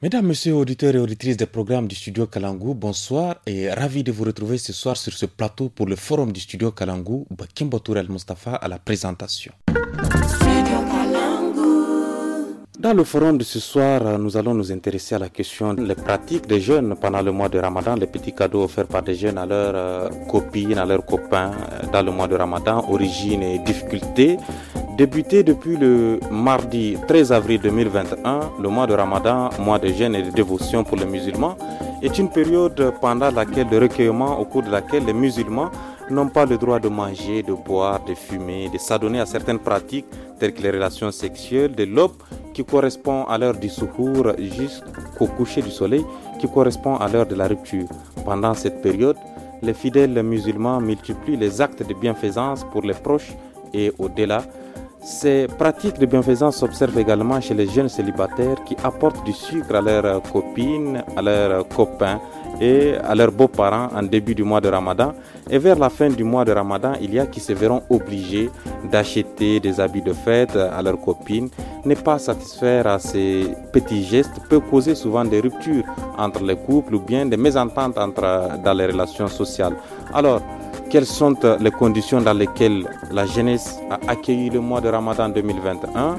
Mesdames, Messieurs, auditeurs et auditrices des programmes du Studio Kalangou, bonsoir et ravi de vous retrouver ce soir sur ce plateau pour le forum du Studio Kalangou, Bakimbo El Mustafa à la présentation. Dans le forum de ce soir, nous allons nous intéresser à la question des pratiques des jeunes pendant le mois de Ramadan, les petits cadeaux offerts par des jeunes à leurs euh, copines, à leurs copains euh, dans le mois de Ramadan, origines et difficultés. Débuté depuis le mardi 13 avril 2021, le mois de Ramadan, mois de jeûne et de dévotion pour les musulmans, est une période pendant laquelle le recueillement au cours de laquelle les musulmans n'ont pas le droit de manger, de boire, de fumer, de s'adonner à certaines pratiques telles que les relations sexuelles, de l'aube qui correspond à l'heure du secours jusqu'au coucher du soleil qui correspond à l'heure de la rupture. Pendant cette période, les fidèles musulmans multiplient les actes de bienfaisance pour les proches et au-delà ces pratiques de bienfaisance s'observent également chez les jeunes célibataires qui apportent du sucre à leurs copines, à leurs copains et à leurs beaux-parents en début du mois de Ramadan. Et vers la fin du mois de Ramadan, il y a qui se verront obligés d'acheter des habits de fête à leurs copines. Ne pas satisfaire à ces petits gestes peut causer souvent des ruptures entre les couples ou bien des mésententes entre, dans les relations sociales. Alors, quelles sont euh, les conditions dans lesquelles la jeunesse a accueilli le mois de Ramadan 2021,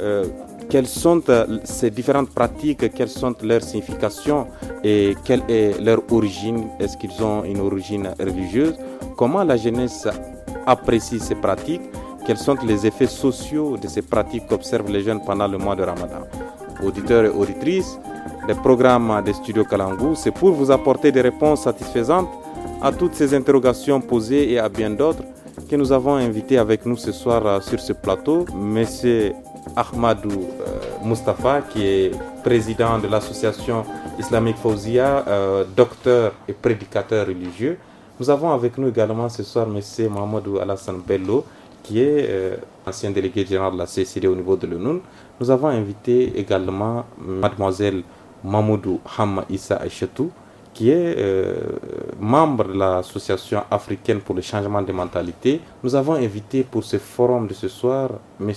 euh, quelles sont euh, ces différentes pratiques, quelles sont leurs significations et quelle est leur origine, est-ce qu'ils ont une origine religieuse, comment la jeunesse apprécie ces pratiques, quels sont les effets sociaux de ces pratiques qu'observent les jeunes pendant le mois de Ramadan. Auditeurs et auditrices, le programme des studios Kalangou, c'est pour vous apporter des réponses satisfaisantes à toutes ces interrogations posées et à bien d'autres que nous avons invité avec nous ce soir euh, sur ce plateau, M. Ahmadou euh, Mustafa, qui est président de l'association islamique Fauzia, euh, docteur et prédicateur religieux. Nous avons avec nous également ce soir M. Mohamedou Alassane Bello, qui est ancien délégué général de la CCD au niveau de l'ONU. Nous avons invité également Mademoiselle Mamoudou Hamma Issa Achetou, qui est euh, membre de l'Association africaine pour le changement de mentalité, nous avons invité pour ce forum de ce soir M.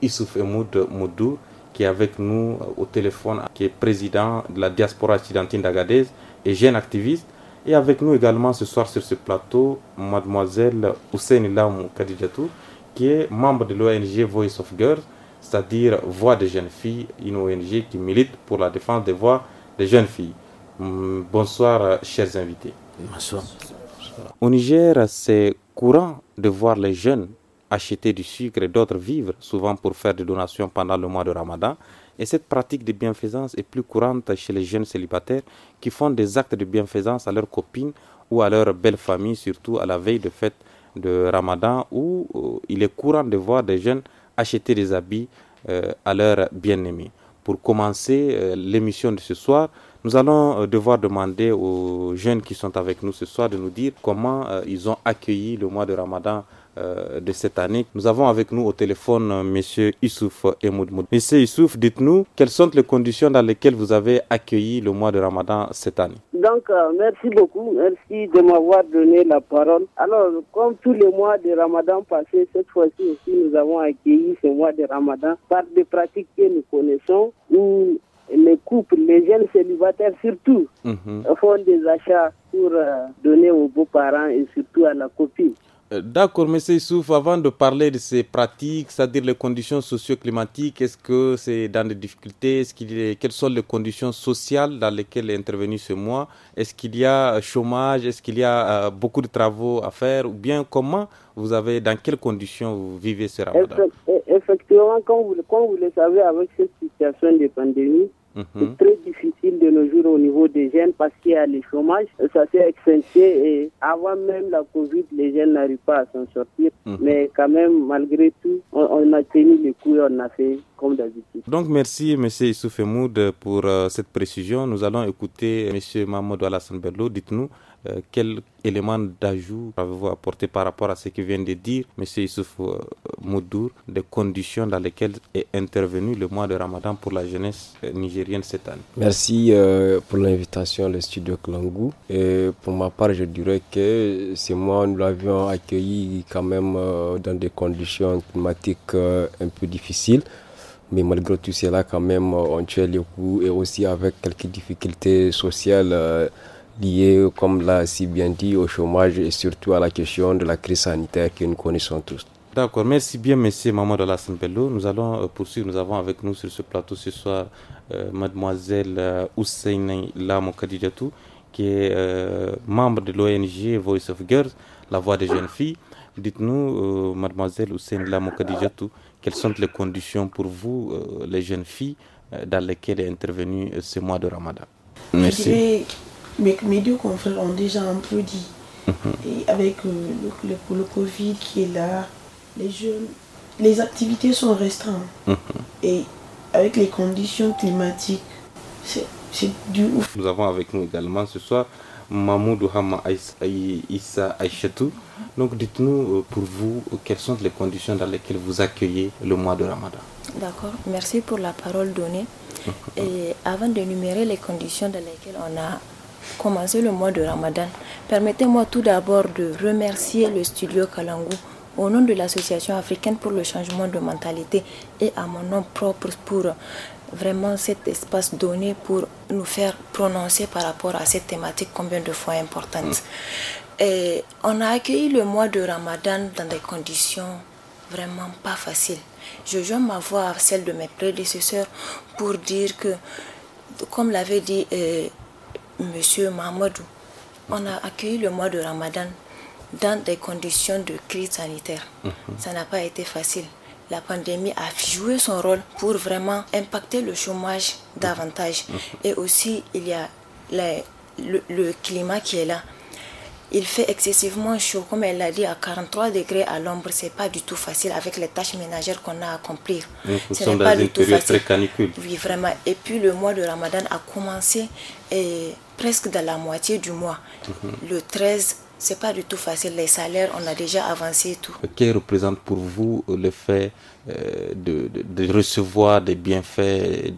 Issouf Emoud Moudou, qui est avec nous euh, au téléphone, qui est président de la diaspora occidentale d'Agadez et jeune activiste. Et avec nous également ce soir sur ce plateau, mademoiselle Hussein Lam Kadidjatou, qui est membre de l'ONG Voice of Girls, c'est-à-dire Voix des jeunes filles, une ONG qui milite pour la défense des voix des jeunes filles. Euh, bonsoir, euh, chers invités. Bonsoir. Au Niger, c'est courant de voir les jeunes acheter du sucre et d'autres vivres, souvent pour faire des donations pendant le mois de Ramadan. Et cette pratique de bienfaisance est plus courante chez les jeunes célibataires qui font des actes de bienfaisance à leurs copines ou à leur belle famille, surtout à la veille de fête de Ramadan, où euh, il est courant de voir des jeunes acheter des habits à leurs bien-aimés. Pour commencer l'émission de ce soir, nous allons euh, devoir demander aux jeunes qui sont avec nous ce soir de nous dire comment euh, ils ont accueilli le mois de Ramadan euh, de cette année. Nous avons avec nous au téléphone M. Monsieur Issouf Emoudmoud. Monsieur Issouf, dites-nous quelles sont les conditions dans lesquelles vous avez accueilli le mois de Ramadan cette année. Donc, merci beaucoup. Merci de m'avoir donné la parole. Alors, comme tous les mois de Ramadan passés, cette fois-ci aussi, nous avons accueilli ce mois de Ramadan par des pratiques que nous connaissons les couples, les jeunes célibataires surtout, mhm. euh, font des achats pour euh, donner aux beaux-parents et surtout à la copine. Euh, d'accord, M. Issouf, avant de parler de ces pratiques, c'est-à-dire les conditions socio-climatiques, est-ce que c'est dans des difficultés -ce Quelles sont les conditions sociales dans lesquelles est intervenu ce mois Est-ce qu'il y a chômage Est-ce qu'il y a beaucoup de travaux à faire Ou bien comment vous avez, dans quelles conditions vous vivez ce ramadan e-, Effectivement, vous, comme vous le savez, avec cette situation de pandémie, c'est mhm. très difficile de nos jours au niveau des jeunes parce qu'il y a le chômage. Ça s'est accentué et avant même la Covid, les jeunes n'arrivent pas à s'en sortir. Mhm. Mais quand même, malgré tout, on, a tenu le coup et on a fait comme d'habitude. Donc merci M. Issouf pour euh, cette précision. Nous allons écouter M. Mahmoud Alassane Berlo, Dites-nous, euh, quel élément d'ajout avez-vous apporté par rapport à ce qui vient de dire M. Issouf euh, Moudour des conditions dans lesquelles est intervenu le mois de Ramadan pour la jeunesse euh, nigérienne cette année Merci pour l'invitation le studio Klangou. Et pour ma part, je dirais que c'est mois, nous l'avions accueilli quand même dans des conditions climatiques un peu difficiles. Mais malgré tout cela, quand même, on tient les coups et aussi avec quelques difficultés sociales lié comme l'a si bien dit, au chômage et surtout à la question de la crise sanitaire que nous connaissons tous. D'accord, merci bien, monsieur Mamadou la Nous allons euh, poursuivre. Nous avons avec nous sur ce plateau ce soir euh, mademoiselle euh, Hussein qui est euh, membre de l'ONG Voice of Girls, la voix des jeunes filles. Dites-nous, mademoiselle Hussein Lamokadijatou quelles sont les conditions pour vous, les jeunes filles, dans lesquelles est intervenu ce mois de Ramadan Merci mais mes deux confrères ont déjà un peu dit. Mhm. Et avec euh, le, Covid qui est là, les jeunes, les activités sont restreintes. Mhm. Et avec les conditions climatiques, c'est du ouf. Nous avons avec nous également ce soir Mamoudou Hama Issa Aïchatou. Donc dites-nous euh, pour vous quelles sont les conditions dans lesquelles vous accueillez le mois de Ramadan. D'accord, merci pour la parole donnée. Mhm. Et avant d'énumérer les conditions dans lesquelles on a commencer le mois de Ramadan, permettez-moi tout d'abord de remercier le studio Kalangu au nom de l'Association africaine pour le changement de mentalité et à mon nom propre pour vraiment cet espace donné pour nous faire prononcer par rapport à cette thématique combien de fois importante. Mm. Et on a accueilli le mois de Ramadan dans des conditions vraiment pas faciles. Je joins ma voix à celle de mes prédécesseurs pour dire que, comme l'avait dit... Euh, Monsieur Mamadou, on a accueilli le mois de Ramadan dans des conditions de crise sanitaire. Mhm. Ça n'a pas été facile. La pandémie a joué son rôle pour vraiment impacter le chômage mhm. davantage. Mhm. Et aussi, il y a le, climat qui est là. Il fait excessivement chaud, comme elle l'a dit, à 43 degrés à l'ombre, c'est pas du tout facile avec les tâches ménagères qu'on a à accomplir. Nous sommes dans une du tout Canicule. Oui, vraiment. Et puis le mois de Ramadan a commencé et presque dans la moitié du mois, mhm. le 13 c'est pas du tout facile. Les salaires, on a déjà avancé et tout. qui représente pour vous euh, le fait euh, de, recevoir des bienfaits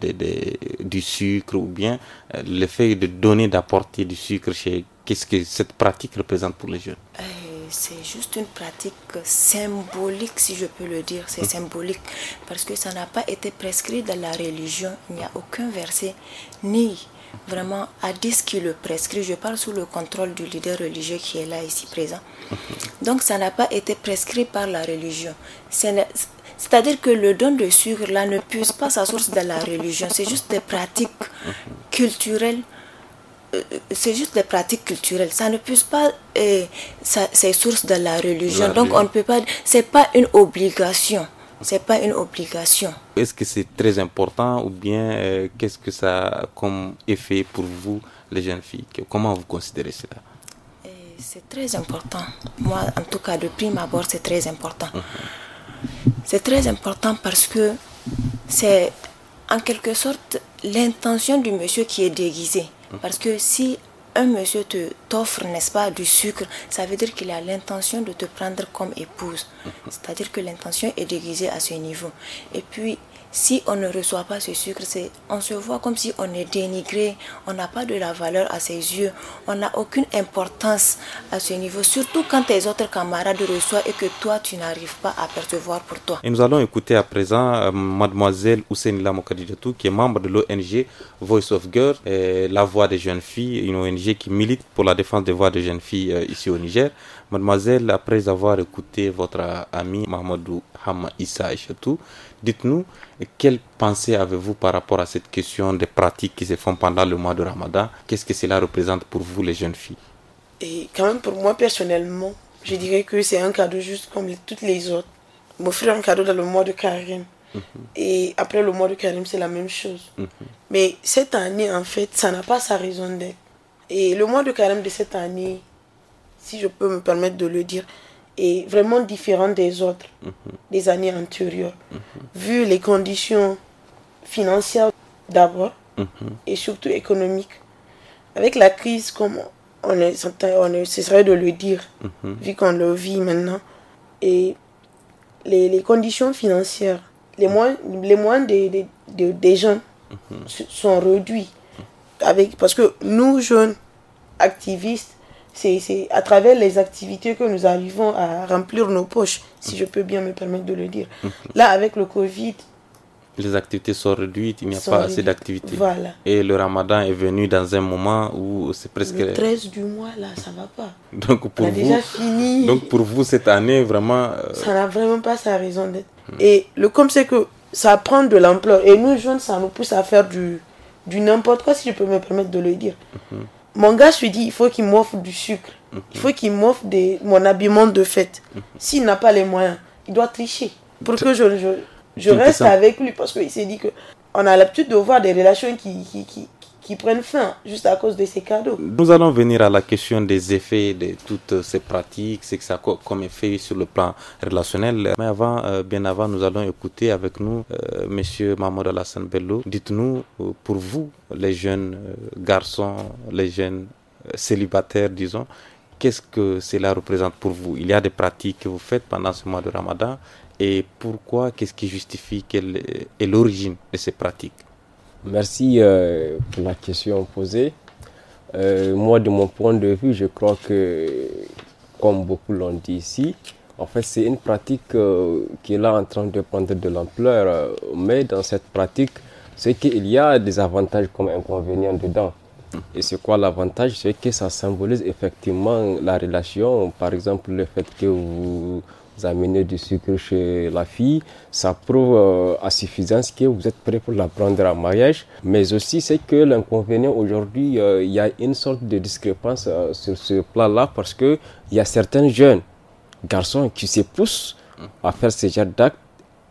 du sucre ou bien euh, le fait de donner, d'apporter du sucre chez Qu'est-ce que cette pratique représente pour les jeunes euh, C'est juste une pratique symbolique, si je peux le dire. C'est hein symbolique parce que ça n'a pas été prescrit dans la religion. Il n'y a aucun verset ni vraiment à hadith qui le prescrit. Je parle sous le contrôle du leader religieux qui est là ici présent. Donc ça n'a pas été prescrit par la religion. C'est-à-dire que le don de sucre là ne pousse pas sa source dans la religion. C'est juste des pratiques culturelles euh, c'est juste des pratiques culturelles. Ça ne puisse pas, euh, c'est source de la religion. Donc on ne peut pas, c'est pas une obligation. C'est pas une obligation. Est-ce que c'est très important ou bien euh, qu'est-ce que ça a comme effet pour vous, les jeunes filles Comment vous considérez cela euh, C'est très important. Moi, en tout cas, de prime abord, c'est très important. C'est très important parce que c'est en quelque sorte l'intention du monsieur qui est déguisé. Parce que si un monsieur te t'offre, n'est-ce pas, du sucre, ça veut dire qu'il a l'intention de te prendre comme épouse. Mhm. C'est-à-dire que l'intention est déguisée à ce niveau. Et puis, si on ne reçoit pas ce sucre, on se voit comme si on est dénigré, on n'a pas de la valeur à ses yeux, on n'a aucune importance à ce niveau, surtout quand tes autres camarades reçoivent et que toi, tu n'arrives pas à percevoir pour toi. Et nous allons écouter à présent euh, mademoiselle Ousseinila Mokadidatou, qui est membre de l'ONG Voice of Girl, la voix des jeunes filles, une ONG qui milite pour la défense des voix des jeunes filles euh, ici au Niger. Mademoiselle, après avoir écouté votre euh, ami Mahmoudou Hama Issa et Dites-nous, quelle pensée avez-vous par rapport à cette question des pratiques qui se font pendant le mois de Ramadan Qu'est-ce que cela représente pour vous, les jeunes filles Et quand même, pour moi, personnellement, je dirais que c'est un cadeau juste comme toutes les autres. M'offrir un cadeau dans le mois de Karim. Mhm. Et après le mois de Karim, c'est la même chose. Mhm. Mais cette année, en fait, ça n'a pas sa raison d'être. Et le mois de Karim de cette année, si je peux me permettre de le dire, est vraiment différent des autres, mhm. des années antérieures, vu les conditions financières d'abord mhm. et surtout économiques. Avec la crise, comme on est, on est cesserait de le dire, mhm. vu qu'on le vit maintenant, et les, les conditions financières, les moins les moins des, des, des, gens sont réduits. Avec, parce que nous, jeunes activistes, c'est à travers les activités que nous arrivons à remplir nos poches, si je peux bien me permettre de le dire. Mhm. Là, avec le Covid, les activités sont réduites, il n'y a pas assez d'activités. Voilà. Et le ramadan est venu dans un moment où c'est presque... Le 13 du mois, là, ça va pas. Donc pour, vous, donc pour vous, cette année, vraiment... Euh, ça n'a vraiment pas sa raison d'être. Mhm. Et le comme c'est que ça prend de l'ampleur. Et nous, jeunes, ça nous pousse à faire du, du n'importe quoi, si je peux me permettre de le dire. Mhm. Mon gars, je lui dit, il faut qu'il m'offre du sucre. Il faut qu'il m'offre mon habillement de fête. S'il n'a pas les moyens, il doit tricher pour que je, je, reste avec lui parce qu'il s'est dit que on a l'habitude de voir des relations qui, qui, qui prennent fin juste à cause de ces cadeaux. Nous allons venir à la question des effets de toutes ces pratiques, c'est que ça comme effet sur le plan relationnel. Mais avant, euh, bien avant, nous allons écouter avec nous M. Euh, monsieur Mahmoud Alassane Bello. Dites-nous, euh, pour vous, les jeunes garçons, les jeunes célibataires, disons, qu'est-ce que cela représente pour vous Il y a des pratiques que vous faites pendant ce mois de Ramadan et pourquoi Qu'est-ce qui justifie Quelle est l'origine de ces pratiques Merci euh, pour la question posée. Euh, moi, de mon point de vue, je crois que, comme beaucoup l'ont dit ici, en fait, c'est une pratique euh, qui est là en train de prendre de l'ampleur. mais dans cette pratique, c'est qu'il y a des avantages comme inconvénients dedans. Et c'est quoi l'avantage C'est que ça symbolise effectivement la relation. Par exemple, le fait que vous amener du sucre chez la fille, ça prouve euh, à suffisance que vous êtes prêt pour la prendre en mariage. Mais aussi, c'est que l'inconvénient aujourd'hui, euh, il y a une sorte de discrépance euh, sur ce plan-là parce que il y a certains jeunes garçons qui se poussent à faire ce genre d'actes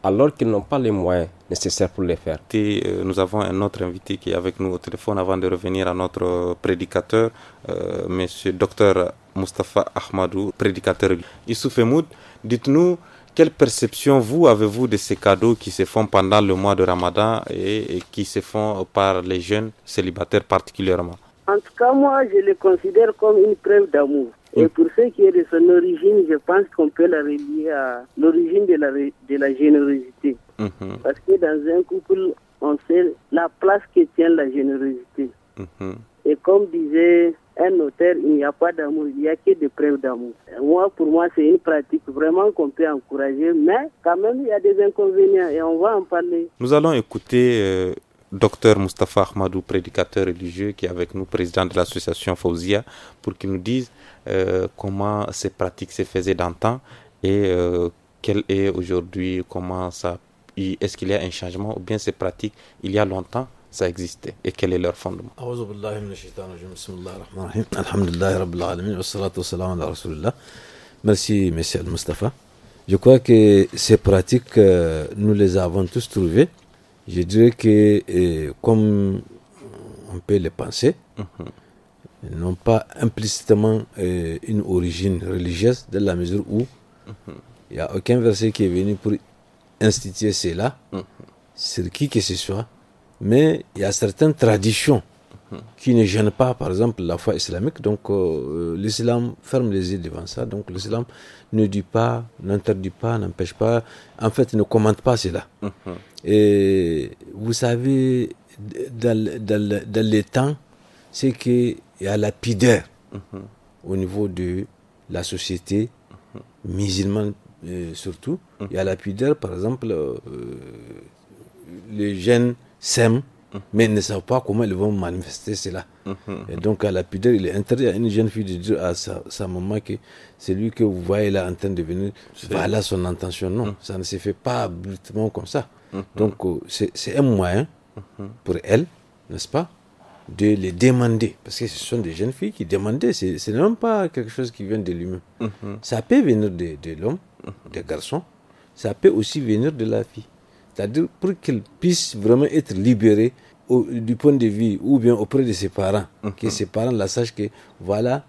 alors qu'ils n'ont pas les moyens nécessaires pour les faire. Et, nous avons un autre invité qui est avec nous au téléphone avant de revenir à notre prédicateur, M. Monsieur Dr Mustapha Ahmadou, prédicateur Issoufemoud. Emoud. Dites-nous quelle perception vous avez-vous de ces cadeaux qui se font pendant le mois de Ramadan et, qui se font par les jeunes célibataires particulièrement En tout cas, moi, je les considère comme une preuve d'amour. Et pour ce qui est de son origine, je pense qu'on peut la relier à l'origine de la, de la générosité. Mhm. Parce que dans un couple, on sait la place que tient la générosité. Mhm. Et comme disait un notaire, il n'y a pas d'amour, il n'y a que des preuves d'amour. Moi, pour moi, c'est une pratique vraiment qu'on peut encourager, mais quand même, il y a des inconvénients et on va en parler. Nous allons écouter euh, Docteur Docteur Mustapha Ahmadou, prédicateur religieux, qui est avec nous, président de l'association Fauzia, pour qu'il nous dise euh, comment ces pratiques se faisaient d'antan et euh, quelle est aujourd'hui, comment ça... Est-ce qu'il y a un changement ou bien ces pratiques, il y a longtemps, ça existait et quel est leur fondement. Merci, M. Al-Mustafa. Je crois que ces pratiques, euh, nous les avons tous trouvées. Je dirais que, euh, comme on peut les penser, mm-hmm. n'ont pas implicitement euh, une origine religieuse, de la mesure où mm-hmm. il n'y a aucun verset qui est venu pour instituer cela, c'est mm-hmm. sur qui que ce soit mais il y a certaines traditions qui ne gênent pas, par exemple, la foi islamique. Donc, euh, euh, l'islam ferme les yeux devant ça. Donc, l'islam ne dit pas, n'interdit pas, n'empêche pas. En fait, il ne commente pas cela. Mhm. Et vous savez, dans, dans, dans les temps, c'est qu'il y a la pideur mhm. au niveau de la société mhm. musulmane, euh, surtout. Il y a la pudeur, par exemple, les jeunes s'aiment, mais ne savent pas comment ils vont manifester cela. Et donc, à la pudeur, il est interdit à une jeune fille de dire à sa, maman que c'est lui que vous voyez là en train de venir, voilà son intention. Non, mm. ça ne se fait pas abruptement comme ça. Mm-hmm. Donc, euh, c'est un moyen mm-hmm. pour elle, n'est-ce pas, de les demander. Parce que ce sont des jeunes filles qui demandaient. Ce n'est même pas quelque chose qui vient de lui-même. Mm-hmm. Ça peut venir de, de l'homme, des garçons. Ça peut aussi venir de la fille. C'est-à-dire pour qu'il puisse vraiment être libéré du point de vue ou bien auprès de ses parents, mm-hmm. que ses parents la sachent que voilà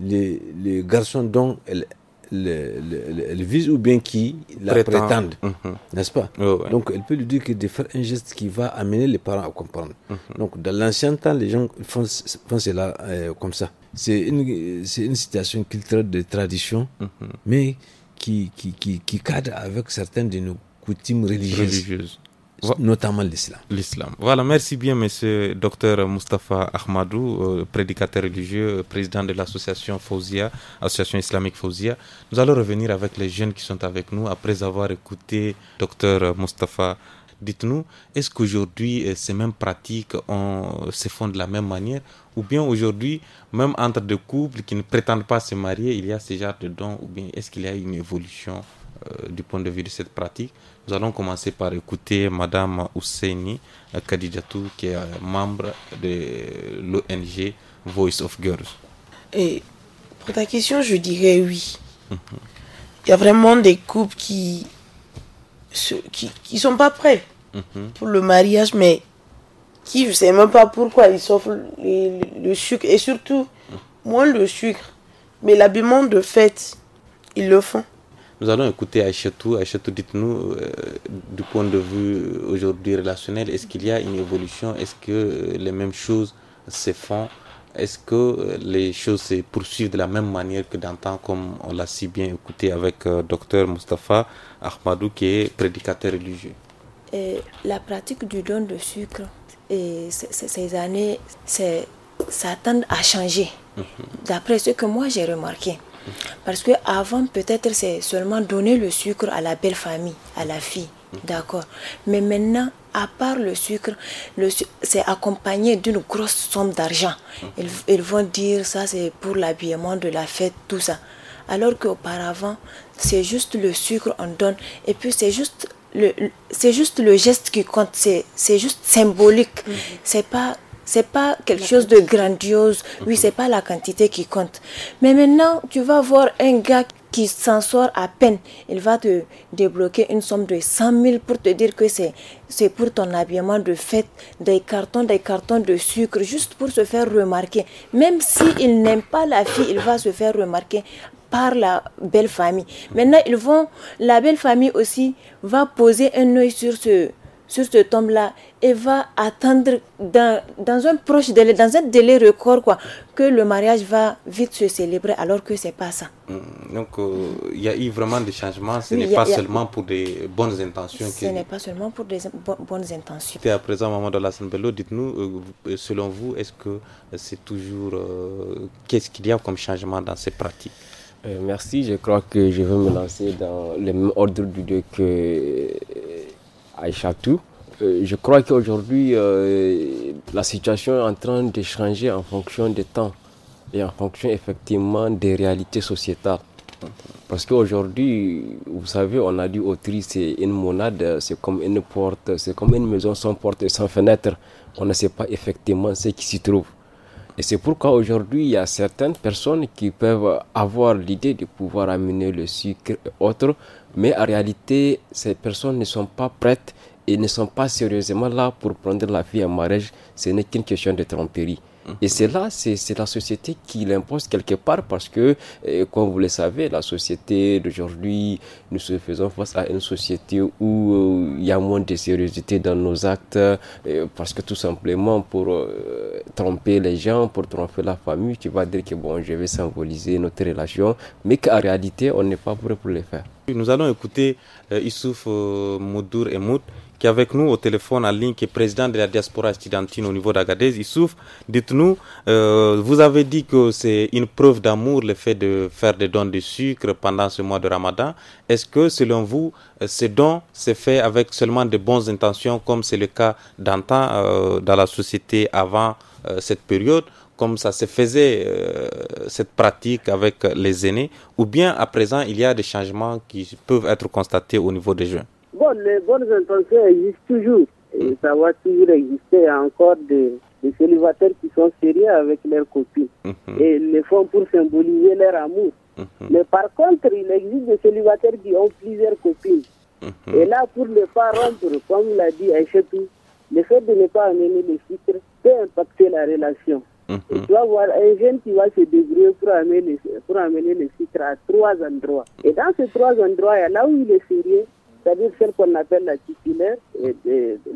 les, garçons dont elle, le, vise ou bien qui la prétendent, mm-hmm. n'est-ce pas oh, Donc, elle peut lui dire que de faire un geste qui va amener les parents à comprendre. Mm-hmm. Donc, dans l'ancien temps, les gens font, font cela euh, comme ça. C'est une, une situation culturelle de tradition, mais qui qui, qui, qui, cadre avec certains de nos coutumes religieuses. notamment l'islam. L'islam. Voilà, merci bien, monsieur docteur Mustafa Ahmadou, euh, prédicateur religieux, euh, président de l'association Fauzia, association islamique Fauzia. Nous allons revenir avec les jeunes qui sont avec nous après avoir écouté docteur Mustapha. Dites-nous, est-ce qu'aujourd'hui euh, ces mêmes pratiques se font de la même manière ou bien aujourd'hui, même entre deux couples qui ne prétendent pas se marier, il y a ce genre de dons ou bien est-ce qu'il y a une évolution euh, du point de vue de cette pratique. Nous allons commencer par écouter Madame Ousseini candidate qui est euh, membre de l'ONG Voice of Girls. Et pour ta question, je dirais oui. Mhm. Il y a vraiment des couples qui ne qui, sont pas prêts mhm. pour le mariage, mais qui, je ne sais même pas pourquoi, ils s'offrent le, sucre. Et surtout, mhm. moins le sucre. Mais l'habillement de fête, ils le font. Nous allons écouter Aïchetou. Aïchetou, dites-nous, euh, du point de vue aujourd'hui relationnel, est-ce qu'il y a une évolution Est-ce que euh, les mêmes choses se font Est-ce que euh, les choses se poursuivent de la même manière que d'antan, comme on l'a si bien écouté avec le docteur Mustapha Ahmadou, qui est prédicateur religieux La pratique du don de sucre, et ces années, ça à changer, mhm. d'après ce que moi j'ai remarqué. Parce que avant peut-être c'est seulement donner le sucre à la belle famille, à la fille, d'accord. Mais maintenant, à part le sucre, le c'est accompagné d'une grosse somme d'argent. Ils, vont dire ça c'est pour l'habillement de la fête, tout ça. Alors qu'auparavant, c'est juste le sucre on donne et puis c'est juste le, c'est juste le geste qui compte, c'est, juste symbolique. Mm-hmm. C'est pas c'est pas quelque chose de grandiose. Oui, mhm. c'est pas la quantité qui compte. Mais maintenant, tu vas voir un gars qui s'en sort à peine. Il va te débloquer une somme de 100 000 pour te dire que c'est, c'est pour ton habillement de fête, des cartons, des cartons de sucre, juste pour se faire remarquer. Même s'il n'aime pas la fille, il va se faire remarquer par la belle famille. Maintenant, ils vont, la belle famille aussi va poser un œil sur ce, sur ce tome-là et va attendre dans, dans, un proche délai, dans un délai record, quoi, que le mariage va vite se célébrer alors que c'est pas ça. Hmm, donc euh, il y a eu vraiment des changements, ce n'est pas, seulement pour des bonnes intentions. Ce n'est pas seulement pour des bonnes intentions. Et à présent, Maman de la Bello, dites-nous, euh, selon vous, est-ce que euh, c'est toujours. Qu'est-ce qu'il y a comme changement dans ces pratiques merci, je crois que je vais me lancer dans le même ordre du Dieu que euh, je crois qu'aujourd'hui, euh, la situation est en train de changer en fonction des temps et en fonction effectivement des réalités sociétales. Parce qu'aujourd'hui, vous savez, on a dit au c'est une monade, c'est comme une porte, c'est comme une maison sans porte et sans fenêtre. On ne sait pas effectivement ce qui s'y trouve. Et c'est pourquoi aujourd'hui, il y a certaines personnes qui peuvent avoir l'idée de pouvoir amener le sucre et autres, mais en réalité, ces personnes ne sont pas prêtes et ne sont pas sérieusement là pour prendre la vie en mariage. Ce n'est qu'une question de tromperie. Et c'est là, c'est la société qui l'impose quelque part parce que, euh, comme vous le savez, la société d'aujourd'hui, nous se faisons face à une société où euh, il y a moins de sérieuxité dans nos actes euh, parce que tout simplement pour tromper les gens, pour tromper la famille, tu vas dire que bon, je vais symboliser notre relation, mais qu'en réalité, on n'est pas prêt pour le faire. Nous allons écouter Issouf Moudour et Moud qui est avec nous au téléphone en ligne, qui est président de la diaspora studentine au niveau d'Agadez. souffre. dites-nous, euh, vous avez dit que c'est une preuve d'amour le fait de faire des dons de sucre pendant ce mois de Ramadan. Est-ce que, selon vous, euh, ces dons se fait avec seulement de bonnes intentions, comme c'est le cas d'antan euh, dans la société avant euh, cette période comme ça se faisait euh, cette pratique avec les aînés, ou bien à présent il y a des changements qui peuvent être constatés au niveau des jeunes Bon, les bonnes intentions existent toujours. Et ça va toujours exister encore des, célibataires qui sont sérieux avec leurs copines mhm. et le font pour symboliser leur amour. Mhm. Mais par contre, il existe des célibataires qui ont plusieurs copines. Mhm. Et là, pour ne pas rompre, comme l'a dit Aïchetou, le fait de ne pas amener les filtres peut impacter la relation. Et tu vas voir un jeune qui va se débrouiller pour amener, pour amener les filtres à trois endroits. Et dans ces trois endroits, là où il est sérieux, c'est-à-dire celle qu'on appelle la titulaire, et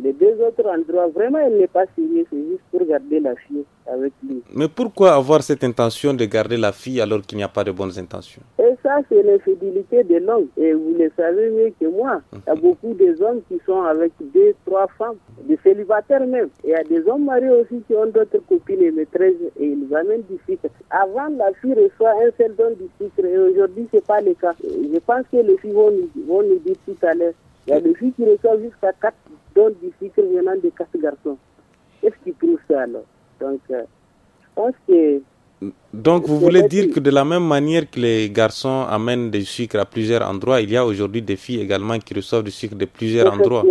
les deux autres endroits, vraiment, elle n'est pas signée, c'est juste pour garder la fille avec lui. Mais pourquoi avoir cette intention de garder la fille alors qu'il n'y a pas de bonnes intentions Et ça, c'est l'infidélité de l'homme. Et vous le savez mieux que moi. Il y a mhm. beaucoup d'hommes qui sont avec deux, trois femmes, des célibataires même. Et il y a des hommes mariés aussi qui ont d'autres copines et maîtresses et ils amènent du sucre. Avant, la fille reçoit un seul don du sucre et aujourd'hui, ce n'est pas le cas. Je pense que les filles vont nous, vont nous dire tout à l'heure il y a des filles qui reçoivent jusqu'à 4 dons du sucre venant de 4 garçons. Qu'est-ce qui prouve ça alors Donc, euh, je pense que. Donc, vous voulez dire que de la même manière que les garçons amènent du sucre à plusieurs endroits, il y a aujourd'hui des filles également qui reçoivent du sucre de plusieurs endroits.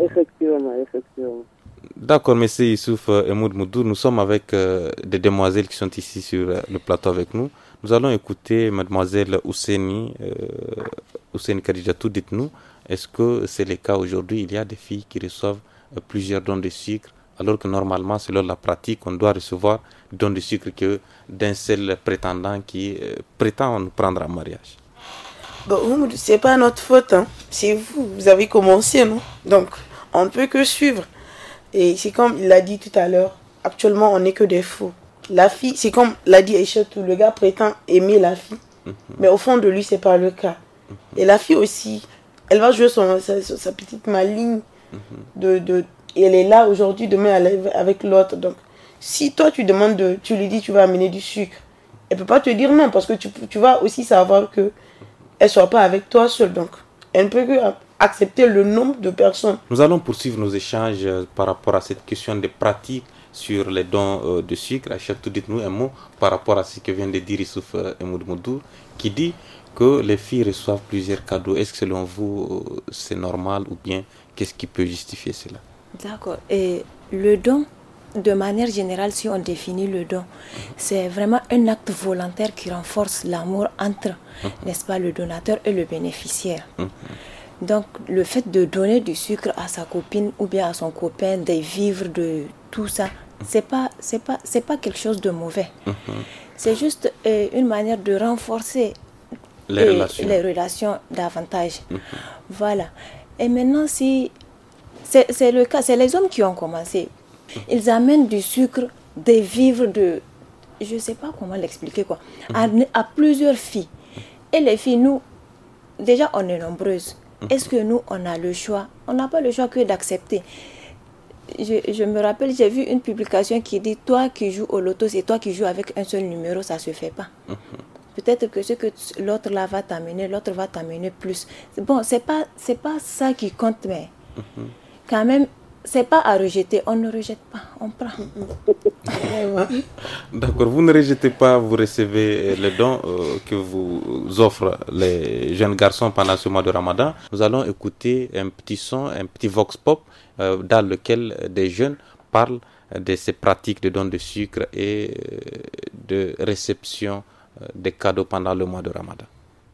Effectivement, effectivement. D'accord, monsieur Youssouf euh, Emoud Moudou, nous sommes avec euh, des demoiselles qui sont ici sur le plateau avec nous. Nous allons écouter mademoiselle Ouseni, euh, Ouseni Kadijatou, dites-nous, est-ce que c'est le cas aujourd'hui Il y a des filles qui reçoivent euh, plusieurs dons de sucre, alors que normalement, selon la pratique, on doit recevoir dons de sucre que d'un seul prétendant qui euh, prétend nous prendre en mariage. Bon, c'est pas notre faute, hein. c'est vous, vous avez commencé, non Donc, on ne peut que suivre. Et c'est comme il l'a dit tout à l'heure, actuellement, on n'est que des faux. La fille, c'est comme l'a dit Tout le gars prétend aimer la fille, mm-hmm. mais au fond de lui, c'est pas le cas. Et la fille aussi, elle va jouer son, sa, petite maligne. Mhm. de, elle est là aujourd'hui, demain elle est avec l'autre. Donc, si toi tu demandes, tu lui dis tu vas amener du sucre, elle peut pas te dire non parce que tu, vas aussi savoir que elle soit pas avec toi seule. Donc, elle ne peut que accepter le nombre de personnes. Nous allons poursuivre nos échanges euh, par rapport à cette question des pratiques sur les dons euh, de sucre. Achète, dites-nous un mot par rapport à ce que vient de dire Issouf euh, Emoud qui dit que les filles reçoivent plusieurs cadeaux. Est-ce que selon vous, euh, c'est normal ou bien qu'est-ce qui peut justifier cela D'accord. Et le don, de manière générale, si on définit le don, c'est vraiment un acte volontaire qui renforce l'amour entre, mhm. n'est-ce pas, le donateur et le bénéficiaire. Mhm. Donc, le fait de donner du sucre à sa copine ou bien à son copain, des vivres, de tout ça, mhm. c'est pas, c'est pas, c'est pas quelque chose de mauvais. C'est juste euh, une manière de renforcer les, relations. les relations davantage. Mhm. Voilà. Et maintenant, si c'est le cas, c'est les hommes qui ont commencé. Mhm. Ils amènent du sucre, des vivres, de, je ne sais pas comment l'expliquer quoi, mhm. à, plusieurs filles. Et les filles, nous, déjà, on est nombreuses. Est-ce que nous, on a le choix On n'a pas le choix que d'accepter. Je, je, me rappelle, j'ai vu une publication qui dit Toi qui joues au loto, c'est toi qui joues avec un seul numéro, ça ne se fait pas peut-être que ce que l'autre là va t'amener, l'autre va t'amener plus. Bon, c'est pas c'est pas ça qui compte, mais mhm. quand même, c'est pas à rejeter. On ne rejette pas, on prend. D'accord, vous ne rejetez pas, vous recevez les dons euh, que vous offrent les jeunes garçons pendant ce mois de Ramadan. Nous allons écouter un petit son, un petit vox pop euh, dans lequel des jeunes parlent de ces pratiques de dons de sucre et euh, de réception euh, des cadeaux pendant le mois de Ramadan.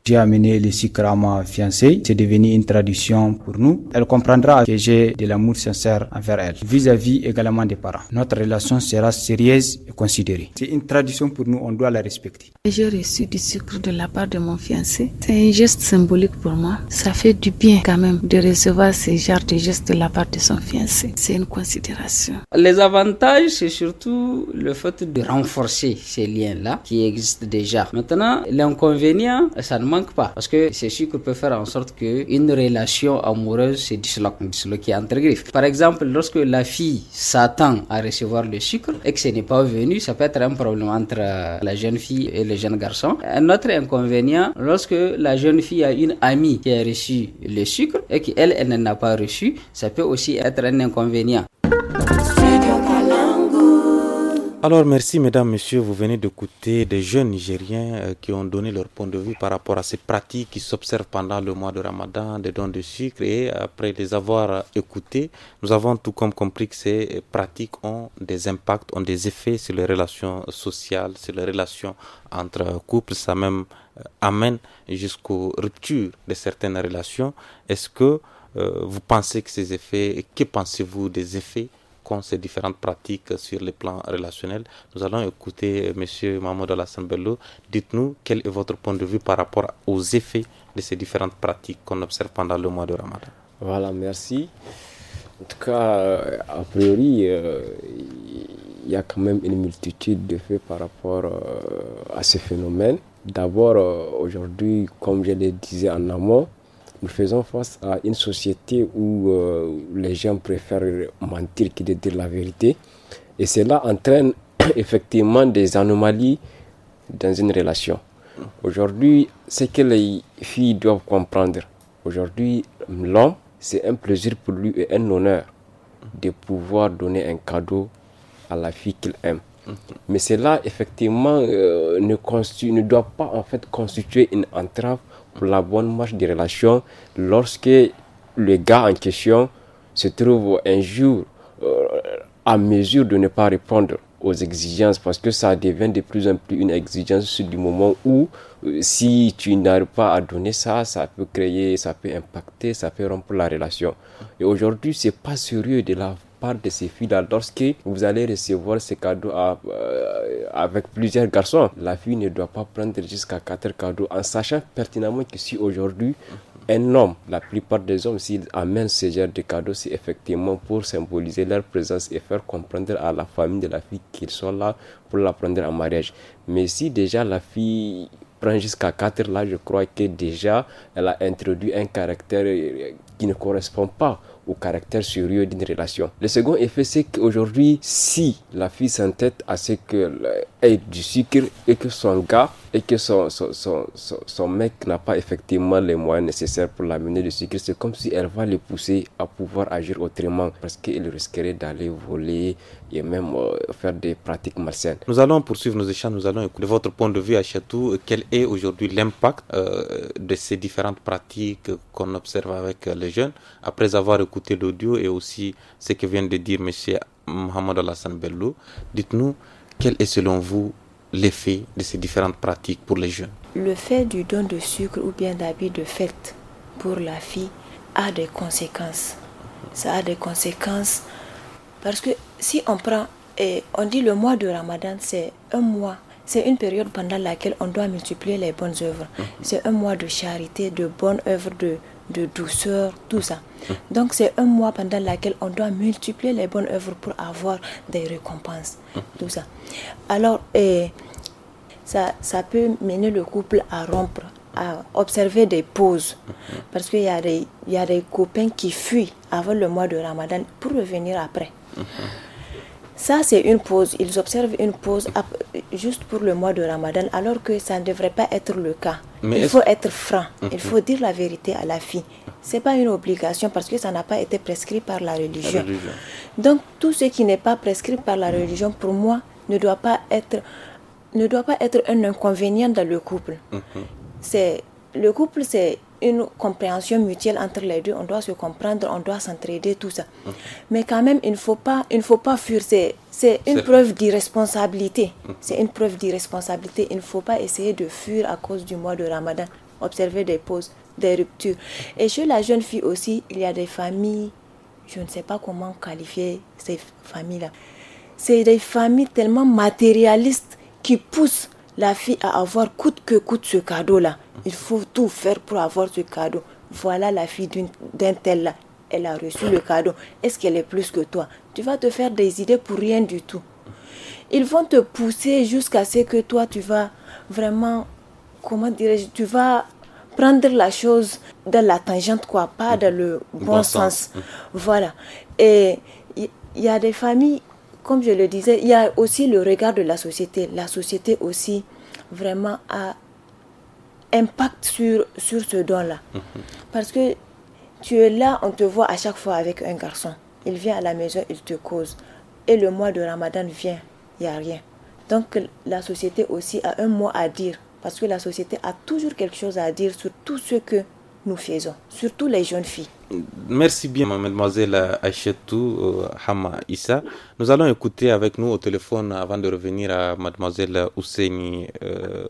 J'ai amené le sucre à ma fiancée. C'est devenu une tradition pour nous. Elle comprendra que j'ai de l'amour sincère envers elle. Vis-à-vis également des parents. Notre relation sera sérieuse et considérée. C'est une tradition pour nous. On doit la respecter. J'ai reçu du sucre de la part de mon fiancé. C'est un geste symbolique pour moi. Ça fait du bien quand même de recevoir ces genre de gestes de la part de son fiancé. C'est une considération. Les avantages, c'est surtout le fait de renforcer ces liens-là qui existent déjà. Maintenant, l'inconvénient, ça ne manque pas. Parce que c'est ce qu'on peut faire en sorte qu'une relation amoureuse se disloque, disloquée entre griffes. Par exemple, lorsque la fille s'attend à recevoir le sucre et que ce n'est pas venu, ça peut être un problème entre euh, la jeune fille et le jeune garçon. Un autre inconvénient, lorsque la jeune fille a une amie qui a reçu le sucre et qu'elle, elle, elle n'en a pas reçu, ça peut aussi être un inconvénient. Alors merci mesdames, messieurs, vous venez d'écouter des jeunes Nigériens euh, qui ont donné leur point de vue par rapport à ces pratiques qui s'observent pendant le mois de Ramadan, des dons de sucre et après les avoir euh, écoutés, nous avons tout comme compris que ces pratiques ont des impacts, ont des effets sur les relations sociales, sur les relations entre couples, ça même euh, amène jusqu'aux ruptures de certaines relations. Est-ce que vous pensez que ces effets, que pensez-vous des effets ces différentes pratiques sur le plan relationnel. Nous allons écouter euh, M. Mahmoud Alassane Bello. Dites-nous quel est votre point de vue par rapport aux effets de ces différentes pratiques qu'on observe pendant le mois de Ramadan. Voilà, merci. En tout cas, euh, a priori, euh, il y a quand même une multitude de faits par rapport à ce phénomène. D'abord, aujourd'hui, comme je le disais en amont, nous faisons face à une société où euh, les gens préfèrent mentir que de dire la vérité. Et cela entraîne effectivement des anomalies dans une relation. Aujourd'hui, ce que les filles doivent comprendre, aujourd'hui, l'homme, c'est un plaisir pour lui et un honneur de pouvoir donner un cadeau à la fille qu'il aime. Mais cela, effectivement, euh, ne ne, ne doit pas en fait constituer une entrave la bonne marche des relations lorsque le gars en question se trouve un jour à euh, mesure de ne pas répondre aux exigences parce que ça devient de plus en plus une exigence du moment où euh, si tu n'arrives pas à donner ça, ça peut créer, ça peut impacter, ça peut rompre la relation. Et aujourd'hui, c'est pas sérieux de la part de ses filles là lorsque vous allez recevoir ces cadeaux euh, avec plusieurs garçons. La fille ne doit pas prendre jusqu'à 4 cadeaux en sachant pertinemment que si aujourd'hui un homme, la plupart des hommes, s'ils amènent ce genre de cadeaux, c'est effectivement pour symboliser leur présence et faire comprendre à la famille de la fille qu'ils sont là pour la prendre en mariage. Mais si déjà la fille prend jusqu'à 4 là, je crois que déjà elle a introduit un caractère euh, qui ne correspond pas au caractère sérieux d'une relation. Le second effet, c'est qu'aujourd'hui, si la fille s'entête à ce qu'elle ait du sucre et que son gars et que son, son, son, mec n'a pas effectivement les moyens nécessaires pour l'amener du sucre, c'est comme si elle va le pousser à pouvoir agir autrement parce qu'il risquerait d'aller voler et même euh, faire des pratiques malsaines. Nous allons poursuivre nos échanges, nous allons écouter votre point de vue à Chatou. Quel est aujourd'hui l'impact euh, de ces différentes pratiques qu'on observe avec les jeunes après avoir écouté l'audio et aussi ce que vient de dire M. Mohamed Alassane Bellou. dites-nous quel est selon vous l'effet de ces différentes pratiques pour les jeunes Le fait du don de sucre ou bien d'habits de fête pour la fille a des conséquences. Ça a des conséquences parce que si on prend et on dit le mois de Ramadan, c'est un mois c'est une période pendant laquelle on doit multiplier les bonnes œuvres. Mhm. C'est un mois de charité, de bonnes œuvres, de de douceur, tout ça. Donc c'est un mois pendant lequel on doit multiplier les bonnes œuvres pour avoir des récompenses, tout ça. Alors, et ça, ça peut mener le couple à rompre, à observer des pauses. Parce qu'il y, y, a des copains qui fuient avant le mois de Ramadan pour revenir après. Ça, c'est une pause. Ils observent une pause juste pour le mois de Ramadan, alors que ça ne devrait pas être le cas. il faut être franc. Il faut dire la vérité à la fille. Ce n'est pas une obligation parce que ça n'a pas été prescrit par la religion. Donc, tout ce qui n'est pas prescrit par la religion, pour moi, ne doit pas être, ne doit pas être un inconvénient dans le couple. Mhm. C'est Le couple, c'est une compréhension mutuelle entre les deux. On doit se comprendre, on doit s'entraider, tout ça. Mais quand même, il ne faut pas, il ne faut pas fuir. C'est, une preuve d'irresponsabilité. C'est une preuve d'irresponsabilité. Il ne faut pas essayer de fuir à cause du mois de Ramadan. Observer des pauses, des ruptures. Et chez la jeune fille aussi, il y a des familles, je ne sais pas comment qualifier ces familles-là. C'est des familles tellement matérialistes qui poussent la fille à avoir coûte que coûte ce cadeau-là. Il faut tout faire pour avoir ce cadeau. Voilà la fille d'un tel là. Elle a reçu le cadeau. Est-ce qu'elle est plus que toi Tu vas te faire des idées pour rien du tout. Ils vont te pousser jusqu'à ce que toi, tu vas vraiment, comment dirais-je, tu vas prendre la chose dans la tangente, quoi, pas dans le bon, sens. Voilà. Et il y a des familles comme je le disais, il y a aussi le regard de la société. La société aussi vraiment a impact sur, sur ce don-là. Mhm. Parce que tu es là, on te voit à chaque fois avec un garçon. Il vient à la maison, il te cause. Et le mois de Ramadan vient, il n'y a rien. Donc la société aussi a un mot à dire. Parce que la société a toujours quelque chose à dire sur tout ce que nous faisons, surtout les jeunes filles. Merci bien, mademoiselle Achetou euh, Hama Issa. Nous allons écouter avec nous au téléphone avant de revenir à mademoiselle Ouseni, euh,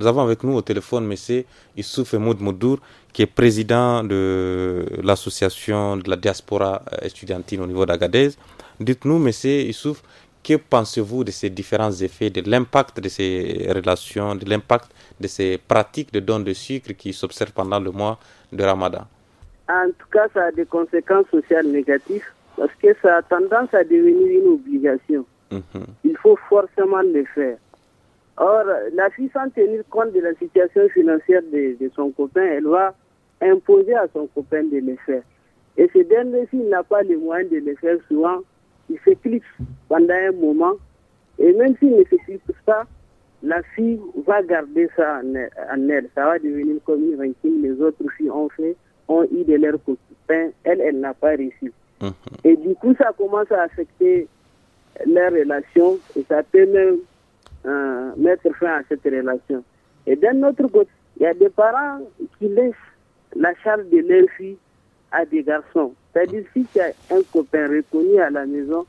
Nous avons avec nous au téléphone M. Issouf Emoud Moudour, qui est président de l'association de la diaspora euh, estudiantine au niveau d'Agadez. Dites-nous, M. Issouf, que pensez-vous de ces différents effets, de l'impact de ces relations, de l'impact de ces pratiques de don de sucre qui s'observent pendant le mois de Ramadan En tout cas, ça a des conséquences sociales négatives parce que ça a tendance à devenir une obligation. Mhm. Il faut forcément le faire. Or, la fille, sans tenir compte de la situation financière de, de son copain, elle va imposer à son copain de le faire. Et ce dernier, s'il n'a pas les moyens de le faire, souvent, il s'éclipse pendant un moment. Et même s'il ne tout pas, la fille va garder ça en elle. Ça va devenir comme une vingtaine. Les autres filles ont fait, ont eu de leur copain. Elle, elle n'a pas réussi. Mhm. Et du coup, ça commence à affecter leur relation et ça peut même euh, mettre fin à cette relation. Et d'un autre côté, il y a des parents qui laissent la charge de leur fille à des garçons. C'est-à-dire, si tu as un copain reconnu à la maison,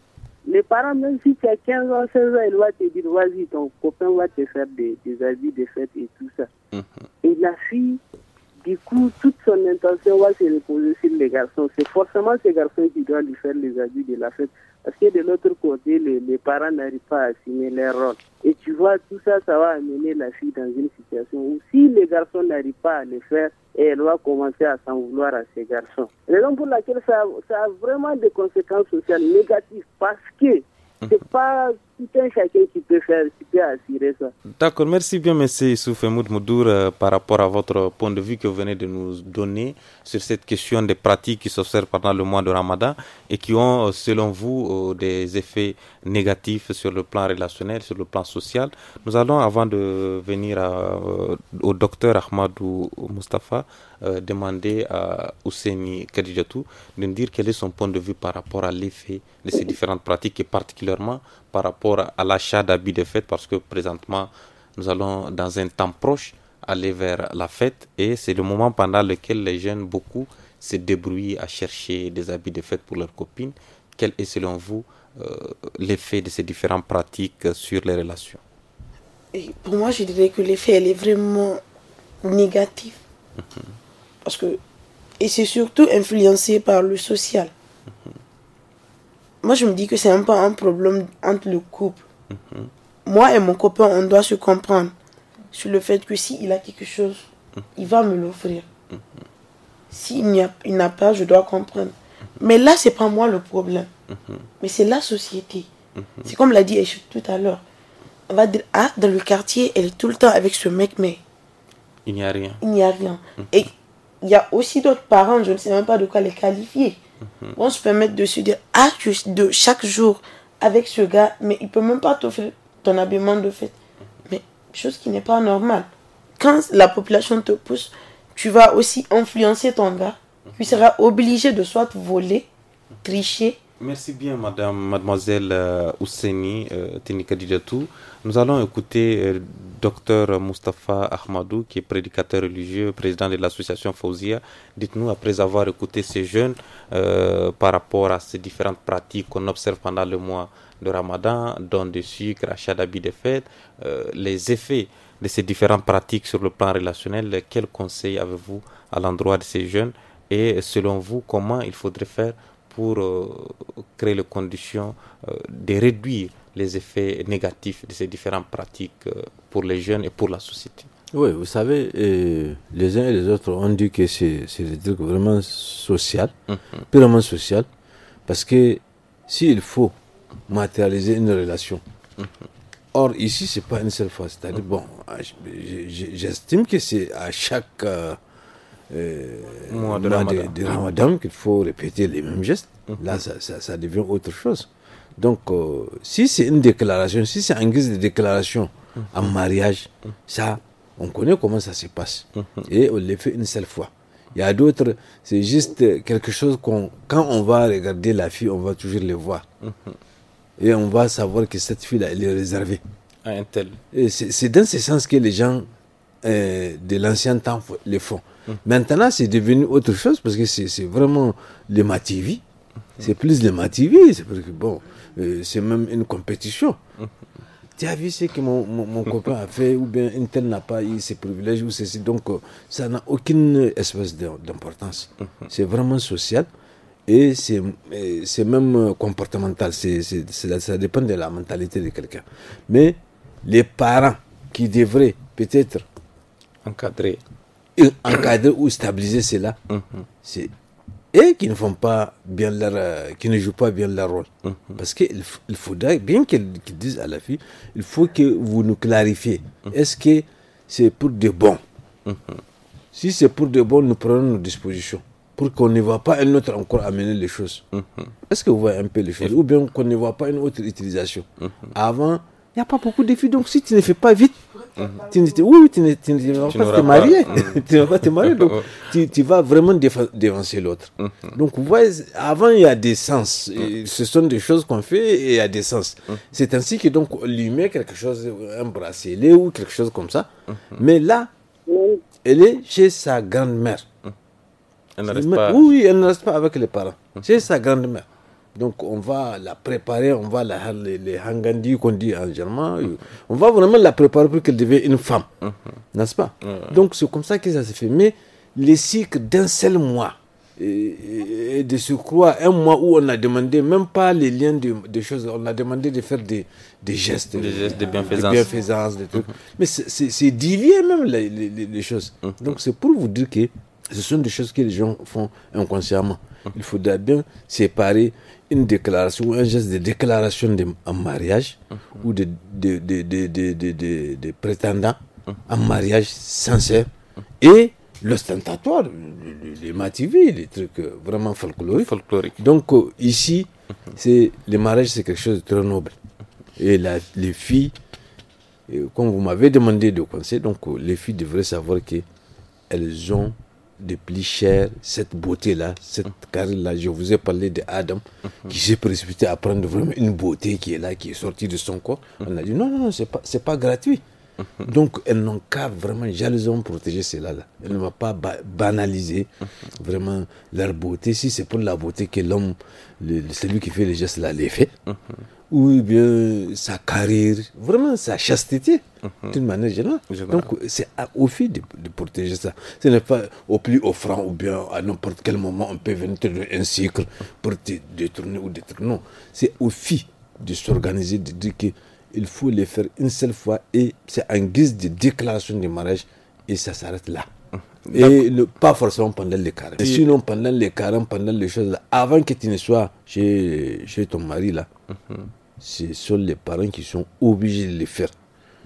les parents, même si tu as 15 ans, 16 ans, ils vont te dire, vas-y, ton copain va te faire des, des habits de fête et tout ça. Mhm. Et la fille, du coup, toute son intention va se reposer sur les garçons. C'est forcément ces garçons qui doivent lui faire les avis de la fête. Parce que de l'autre côté, les, parents n'arrivent pas à assumer leur rôle. Et tu vois, tout ça, ça va amener la fille dans une situation où si les garçons n'arrivent pas à le faire, elle va commencer à s'en vouloir à ses garçons. Raison pour laquelle ça, ça a vraiment des conséquences sociales négatives parce que mmh. c'est pas chacun qui peut faire, D'accord, merci bien, Monsieur Soufemoud Moudour, euh, par rapport à votre point de vue que vous venez de nous donner sur cette question des pratiques qui s'observent pendant le mois de Ramadan et qui ont, euh, selon vous, euh, des effets négatifs sur le plan relationnel, sur le plan social. Nous allons, avant de venir au docteur Ahmadou Mustafa, euh, demander à Ousseini Kadijatou de nous dire quel est son point de vue par rapport à l'effet de ces différentes pratiques et particulièrement par rapport à l'achat d'habits de fête parce que présentement, nous allons dans un temps proche aller vers la fête et c'est le moment pendant lequel les jeunes, beaucoup, se débrouillent à chercher des habits de fête pour leurs copines. Quel est selon vous euh, l'effet de ces différentes pratiques sur les relations et Pour moi, je dirais que l'effet, elle est vraiment négatif. Mhm. Parce que, et c'est surtout influencé par le social. Moi, je me dis que c'est un peu un problème entre le couple. Moi et mon copain, on doit se comprendre sur le fait que s'il il a quelque chose, il va me l'offrir. S'il n'y n'a pas, je dois comprendre. Mais là, c'est pas moi le problème. Mais c'est la société. C'est comme l'a dit tout à l'heure. On va dire, ah, dans le quartier, elle est tout le temps avec ce mec, mais... Il n'y a rien. Il n'y a rien. Et il y a aussi d'autres parents, je ne sais même pas de quoi les qualifier. Mhm. On se permet de se dire, ah, tu, de chaque jour avec ce gars, mais il peut même pas te faire ton habillement de fête. Mais chose qui n'est pas normale. Quand la population te pousse, tu vas aussi influencer ton gars. Tu mhm. sera obligé de soit voler, tricher, Merci bien, madame, mademoiselle euh, Ousseni euh, tout. Nous allons écouter le euh, docteur Mustapha Ahmadou, qui est prédicateur religieux, président de l'association Fauzia. Dites-nous, après avoir écouté ces jeunes euh, par rapport à ces différentes pratiques qu'on observe pendant le mois de Ramadan, don de sucre, achat d'habits de fête, euh, les effets de ces différentes pratiques sur le plan relationnel, quels conseils avez-vous à l'endroit de ces jeunes et selon vous, comment il faudrait faire pour euh, créer les conditions euh, de réduire les effets négatifs de ces différentes pratiques euh, pour les jeunes et pour la société. Oui, vous savez, les uns et les autres ont dit que c'est vraiment social, mhm. purement social, parce que s'il faut matérialiser une relation, mhm. or ici, c'est pas une seule fois, c'est-à-dire, mhm. bon, ah, j'estime que c'est à chaque euh, mois de, Ramadan. qu'il faut répéter les mêmes gestes. Mhm. Là, ça, ça, devient autre chose. Donc, euh, si c'est une déclaration, si c'est en guise de déclaration mhm. en mariage, mhm. ça, on connaît comment ça se passe. Et on le fait une seule fois. Il y a d'autres, c'est juste quelque chose qu'on, quand on va regarder la fille, on va toujours le voir. Et on va savoir que cette fille-là, elle est réservée. À un tel. c'est dans ce sens que les gens euh, de l'ancien temps le font. Maintenant, c'est devenu autre chose parce que c'est vraiment le C'est plus le C'est parce que, bon, euh, c'est même une compétition. Tu as vu ce que mon, mon, copain a fait, ou bien une telle n'a pas eu ses privilèges, ou ceci. Donc, euh, ça n'a aucune espèce d'importance. C'est vraiment social et c'est même euh, comportemental. C'est ça dépend de la mentalité de quelqu'un. Mais les parents qui devraient peut-être encadrer encadrer ou stabiliser cela, c'est et qui ne font pas bien leur, euh, qui ne jouent pas bien leur rôle. Parce qu'il il faudra, bien qu'ils qu disent à la fille, il faut que vous nous clarifiez. Est-ce que c'est pour de bon Si c'est pour de bon, nous prenons nos dispositions pour qu'on ne voit pas un autre encore amener les choses. Est-ce que vous voyez un peu les choses Ou bien qu'on ne voit pas une autre utilisation. Avant, il n'y a pas beaucoup de filles, donc si tu ne fais pas vite, tu, ne, tu, tu, vas pas te mm. tu pas donc tu, tu vas vraiment dévancer l'autre. Mm. Donc, vous voyez, avant, il y a des sens. Mm. ce sont des choses qu'on fait et il y a des sens. C'est ainsi que donc, lui met quelque chose, un bracelet ou quelque chose comme ça. Mais là, elle est chez sa grand-mère. Elle ne pas. Oui, elle ne reste pas avec les parents. Chez sa grand-mère. Donc on va la préparer, on va la les, les hangandi qu'on dit en germain, euh, on va vraiment la préparer pour qu'elle devienne une femme, mhm. n'est-ce pas Donc c'est comme ça que ça s'est fait. Mais les cycles d'un seul mois et, et de surcroît un mois où on a demandé même pas les liens de, choses, on a demandé de faire des, des gestes, des gestes de ah, bienfaisance, de bienfaisance des trucs. Mhm. Mais c'est d'y même les, les, les choses. Mhm. Donc c'est pour vous dire que ce sont des choses que les gens font inconsciemment. Il faudra bien séparer une déclaration ou un geste de déclaration de, mariage mhm. ou de, de, de prétendant un mhm. mariage sincère mhm. et l'ostentatoire, les, les les trucs euh, vraiment folkloriques. Folklorique. Donc euh, ici, c'est le mariage, c'est quelque chose de très noble. Et la, les filles, euh, comme vous m'avez demandé de penser donc les filles devraient savoir que elles ont de plus cher, cette beauté-là, cette mm-hmm. là Je vous ai parlé de Adam mm-hmm. qui s'est précipité à prendre vraiment une beauté qui est là, qui est sortie de son corps. Mm-hmm. On a dit non, non, non, c'est pas, pas gratuit. Donc, elles n'ont qu'à vraiment jalousement protéger cela. là elle ne va pas banaliser vraiment leur beauté. Si c'est pour la beauté que l'homme, celui qui fait les gestes-là, les fait, ou bien sa carrière, vraiment sa chasteté, tu mhm. d'une manière générale. Donc, c'est au fil de, protéger ça. Ce n'est pas au plus offrant ou bien à n'importe quel moment on peut venir te donner un cycle pour te détourner ou détourner Non, c'est au fil de s'organiser, de dire qu'il faut les faire une seule fois et c'est en guise de déclaration du mariage et ça s'arrête là. Mhm. Et pas forcément pendant les carême. Sinon, pendant les carême, pendant les choses, avant que tu ne sois chez, chez ton mari, là, mhm c'est sur les parents qui sont obligés de le faire.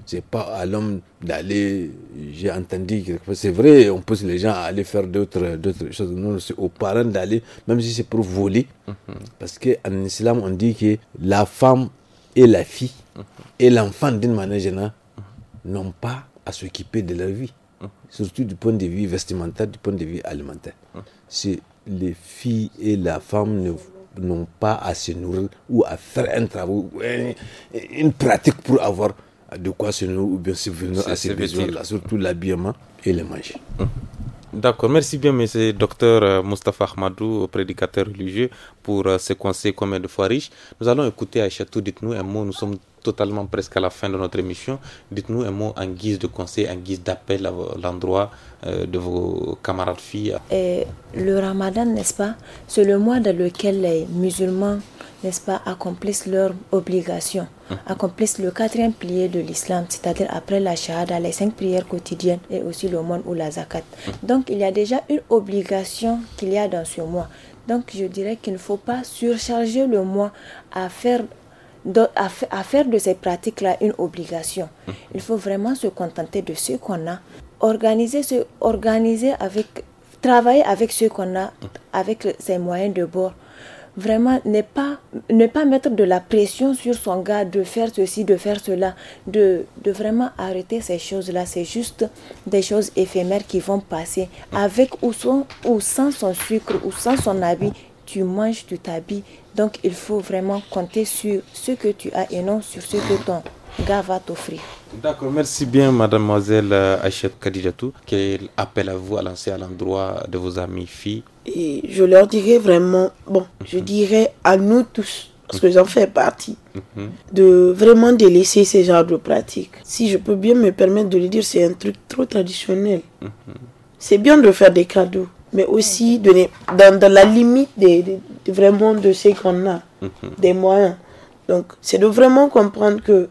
C'est pas à l'homme d'aller, j'ai entendu c'est vrai, on pousse les gens à aller faire d'autres, d'autres choses. Non, c'est aux parents d'aller, même si c'est pour voler. Mhm. Parce qu'en islam, on dit que la femme et la fille et l'enfant d'une manière générale mhm. n'ont pas à s'occuper de leur vie. Mhm. Surtout du point de vue vestimentaire, du point de vue alimentaire. C'est les filles et la femme ne n'ont pas à se nourrir ou à faire un travail, une pratique pour avoir de quoi se nourrir ou bien subvenir à ces besoins-là, surtout l'habillement et le manger. Hum. D'accord, merci bien, monsieur docteur euh, Mustafa Ahmadou, prédicateur religieux, pour euh, ce conseil commun de fois riche. Nous allons écouter à château dites-nous un mot, nous sommes totalement presque à la fin de notre émission. Dites-nous un mot en guise de conseil, en guise d'appel à l'endroit euh, de vos camarades filles. Et le ramadan, n'est-ce pas, c'est le mois dans lequel les musulmans, n'est-ce pas, accomplissent leur obligations, mmh. accomplissent le quatrième pilier de l'islam, c'est-à-dire après la shahada, les cinq prières quotidiennes et aussi le monde ou la zakat. Mmh. Donc il y a déjà une obligation qu'il y a dans ce mois. Donc je dirais qu'il ne faut pas surcharger le mois à faire à, faire de ces pratiques-là une obligation. Mm-hmm. Il faut vraiment se contenter de ce qu'on a, organiser, se organiser avec, travailler avec ce qu'on a, mm-hmm. avec ses moyens de bord vraiment ne pas, ne pas mettre de la pression sur son gars de faire ceci, de faire cela, de, vraiment arrêter ces choses-là. C'est juste des choses éphémères qui vont passer. Mm-hmm. Avec ou, ou sans son sucre, ou sans son habit, tu manges, tu t'habilles, donc il faut vraiment compter sur ce que tu as et non sur ce que ton gars va t'offrir. D'accord, merci bien mademoiselle Hachette euh, Kadijatou. Quel appelle à vous à lancer à l'endroit de vos amis filles et Je leur dirais vraiment, bon, je mhm. dirais à nous tous, parce que mhm. j'en fais partie, mhm. de vraiment délaisser ces genres de pratiques. Si je peux bien me permettre de le dire, c'est un truc trop traditionnel. C'est bien de faire des cadeaux, mais aussi donner, dans, dans, la limite des, vraiment de ce qu'on a, des moyens. Donc, c'est de vraiment comprendre que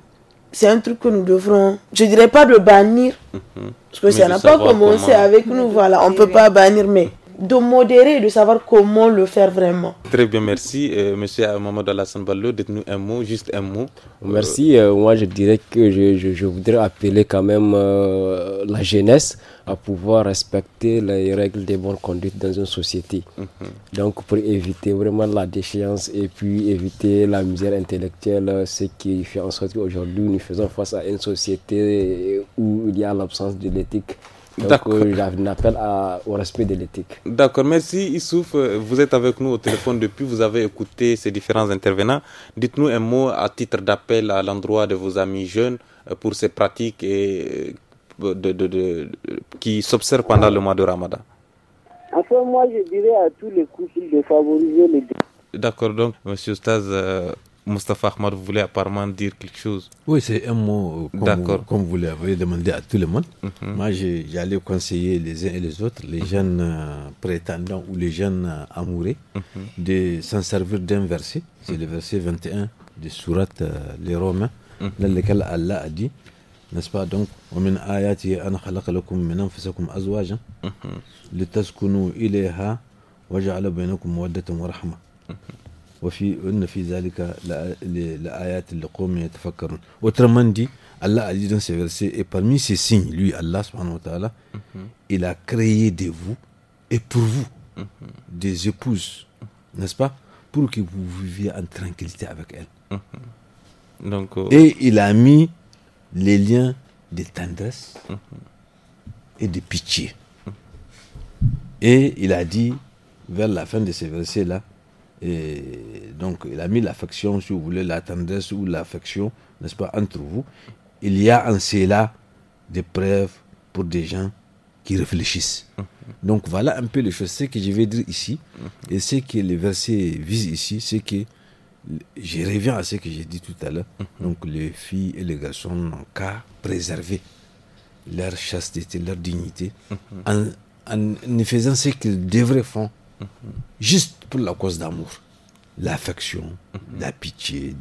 c'est un truc que nous devrons, je dirais pas de bannir, mhm. parce que ça n'a pas commencé avec nous, voilà, on peut pas bannir, mais de modérer de savoir comment le faire vraiment. Très bien, merci. Euh, monsieur Mamadou Alassane Ballo, dites-nous un mot, juste un mot. Euh, merci. Euh, moi, je dirais que je, je, voudrais appeler quand même la jeunesse à pouvoir respecter les règles de bonnes conduite dans une société. Mhm. Donc, pour éviter vraiment la déchéance et puis éviter la misère intellectuelle, ce qui fait en sorte qu'aujourd'hui, nous faisons face à une société où il y a l'absence de l'éthique D'accord. un appel au respect de l'éthique. D'accord, merci Issouf. Vous êtes avec nous au téléphone depuis, vous avez écouté ces différents intervenants. Dites-nous un mot à titre d'appel à l'endroit de vos amis jeunes euh, pour ces pratiques et euh, qui s'observent pendant le mois de Ramadan. Enfin, moi, je dirais à tous les couples de favoriser les D'accord, donc, Monsieur Staz, euh, Mustapha vous voulait apparemment dire quelque chose. Oui, c'est un mot euh, comme, vous, comme vous l'avez demandé à tout le monde. Mhm. Moi, j'allais conseiller les uns et les autres, les mhm. jeunes euh, prétendants ou les jeunes euh, amoureux, mhm. de s'en servir d'un verset. C'est le verset 21 de Sourate Les Romains, dans lequel Allah a dit, n'est-ce pas Donc, ومن آياته أن خلق baynakum autrement dit Allah a dit dans ces versets et parmi ces signes lui Allah subhanahu wa ta'ala mhm. il a créé de vous et pour vous mhm. des épouses n'est-ce pas pour que vous viviez en tranquillité avec elles mhm. euh, et il a mis les liens de tendresse et de pitié et il a dit vers la fin de ces versets là et donc, il a mis l'affection, si vous voulez, la tendresse ou l'affection, n'est-ce pas, entre vous. Il y a en cela des preuves pour des gens qui réfléchissent. Donc, voilà un peu les choses. Ce que je vais dire ici, et ce que le verset vise ici, c'est que je reviens à ce que j'ai dit tout à l'heure. Donc, les filles et les garçons n'ont qu'à préserver leur chasteté, leur dignité, en, en faisant ce qu'ils devraient faire juste pour la cause d'amour, l'affection, la pitié.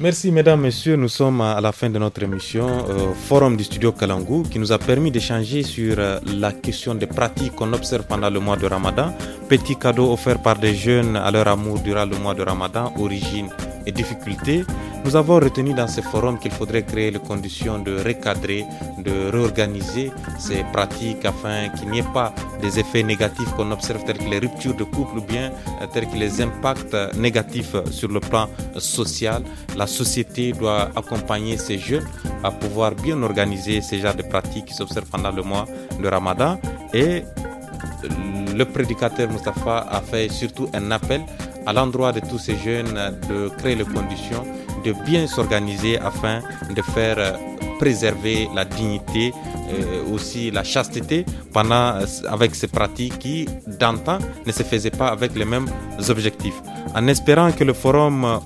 Merci mesdames, messieurs, nous sommes à la fin de notre émission euh, Forum du studio Kalangou qui nous a permis d'échanger sur euh, la question des pratiques qu'on observe pendant le mois de Ramadan. Petit cadeau offert par des jeunes à leur amour durant le mois de Ramadan, origine et difficultés. Nous avons retenu dans ce forum qu'il faudrait créer les conditions de recadrer, de réorganiser ces pratiques afin qu'il n'y ait pas des effets négatifs qu'on observe tels que les ruptures de couple ou bien euh, tels que les impacts euh, négatifs euh, sur le plan social. La société doit accompagner ces jeunes à pouvoir bien organiser ces genres de pratiques qui s'observent pendant le mois de Ramadan et le prédicateur Mustafa a fait surtout un appel à l'endroit de tous ces jeunes de créer les conditions de bien s'organiser afin de faire euh, préserver la dignité, euh, aussi la chasteté, pendant, euh, avec ces pratiques qui, d'antan, ne se faisaient pas avec les mêmes objectifs. En espérant que le forum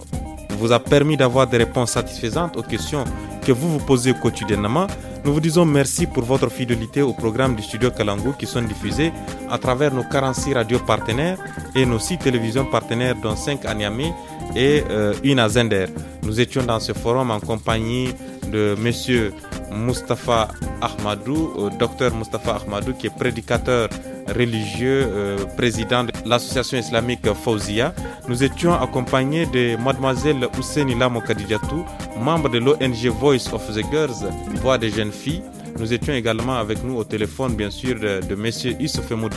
vous a permis d'avoir des réponses satisfaisantes aux questions que vous vous posez quotidiennement, nous vous disons merci pour votre fidélité au programme du studio Kalangu qui sont diffusés à travers nos 46 radios partenaires et nos 6 télévisions partenaires dont 5 à Niamey et euh, une à Zender. Nous étions dans ce forum en compagnie de monsieur Mustafa Ahmadou, Dr euh, docteur Mustafa Ahmadou qui est prédicateur religieux, euh, président de l'association islamique Fauzia. Nous étions accompagnés de mademoiselle Hussein Mokadidiatou, membre de l'ONG Voice of the Girls, Voix des jeunes filles. Nous étions également avec nous au téléphone, bien sûr, de, monsieur M. Emoud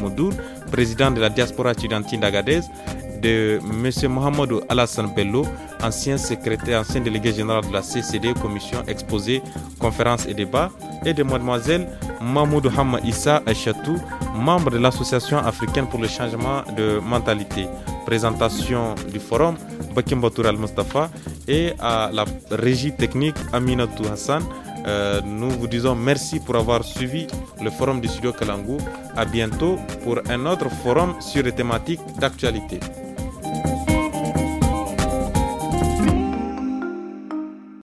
président de la diaspora étudiantine d'Agadez, de M. Mohamedou Alassane Bello, ancien secrétaire, ancien délégué général de la CCD, commission exposée, conférence et débat, et de Mademoiselle Mahmoud Hamma Issa Achatou, membre de l'Association africaine pour le changement de mentalité. Présentation du forum, Bakim Al-Mustafa, et à la régie technique Aminatou Hassan. Euh, nous vous disons merci pour avoir suivi le forum du studio Kalangou. À bientôt pour un autre forum sur les thématiques d'actualité.